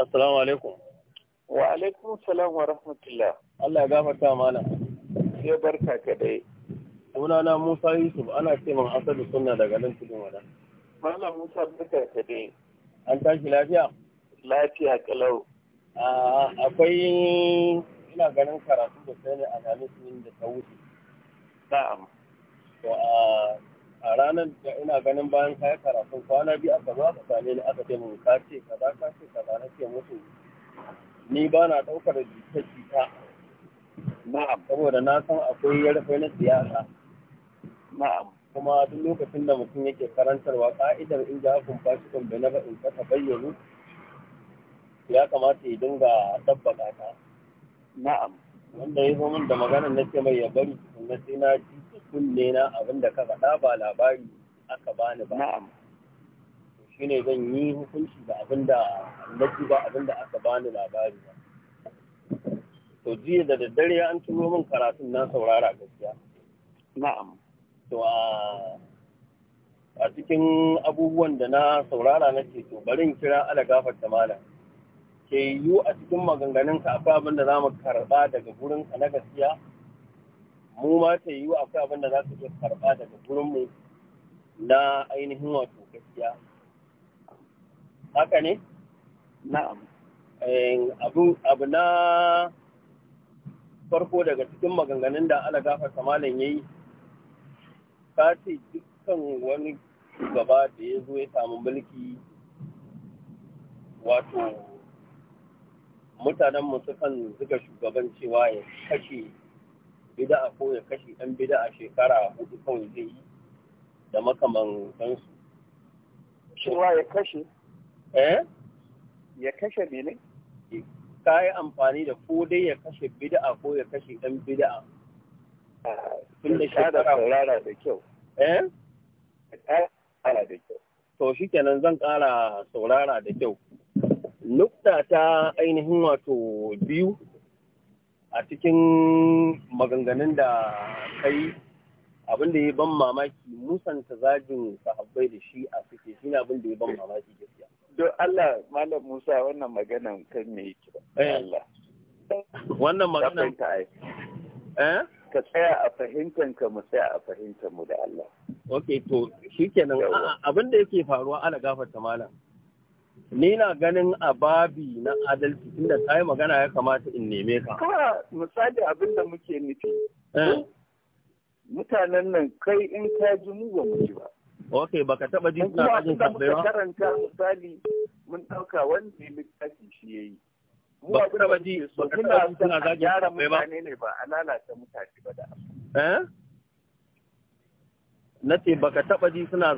Assalamu alaikum. Wa alaikum salam wa rahmatullah. Allah ya gafarta mana. Ya barka ka dai. na Musa Yusuf ana ce min asali sunna daga nan cikin wada. Malam Musa barka ka dai. An tashi lafiya? Lafiya kalau. Akwai ina ganin karatu da sai ne a Alhamis da ta wuce. Na'am. To a a ranar da ina ganin bayan kayan karatun kwana biyu aka zo aka same ni aka ce mun ka ce kaza ka ce kaza na ce musu ni ba na ɗaukar jita-jita na'am saboda na san akwai yarfe na siyasa na'am kuma duk lokacin da mutum yake karantarwa ka'idar in ja kun bai na ba in kasa bayyano ya kamata ya dinga tabbata ta na'am wanda ya zo min da magana na ce mai ya bari na sai na ji kunne na abin da ka faɗa ba labari aka bani ba na'am ne zan yi hukunci da abin da annabi ba abin da aka bani labari ba to jiya da daddare an turo min karatun na saurara gaskiya na'am to a a cikin abubuwan da na saurara na ce to barin kira ala gafar ta malam ke yiwu a cikin maganganun ka akwai abin da za mu karɓa daga gurin ka na gaskiya mu ma ta yiwu akwai abin da za su iya karɓa daga gurinmu na ainihin wato gaskiya haka ne? na'am eh, abu na farko daga cikin maganganun da ala gafar malam ya yi ka ce dukkan wani gaba da ya zo ya samu mulki wato mutanenmu sukan zuga shugaban cewa ya kashe bida'a ko ya kashe ɗan bida'a shekara hudu kawai zai yi da makamantansu. Cewa ya kashe? Eh? Ya kashe mene? Ka yi amfani da ko dai ya kashe bida'a ko ya kashe ɗan bida'a. Ah, Tun da shekara hudu. da kyau. Eh? Saurara da kyau. To shi kenan zan kara saurara da kyau. Nukta ta ainihin wato biyu a cikin maganganun da kai abin da ya ban mamaki musanta zagin sahabbai da shi a suke shi ne abin da ya ban mamaki gaskiya. Don Allah Malam Musa wannan maganan kan me yake ba. Eh. Allah. Wannan maganan Eh? Ka tsaya a fahimtar ka mu tsaya a fahimtar mu da Allah. Ok to shikenan abin da yake faruwa ala gafarta malam. ni na ganin a babi na adalci inda ta yi magana ya kamata in neme ka. Ka misali abin da muke nufi. Eh. Mutanen nan kai in ka ji mu ba mu ji ba. Ok, baka taba jin ka ajin ka bai ba? Kuma karanta misali mun ɗauka wanda ya littafi shi ya yi. Baka taba ji baka taba jin suna zagin tambayi ba? Mutane ne ba a lalata mutane ba da. Eh? Na ce baka taba ji suna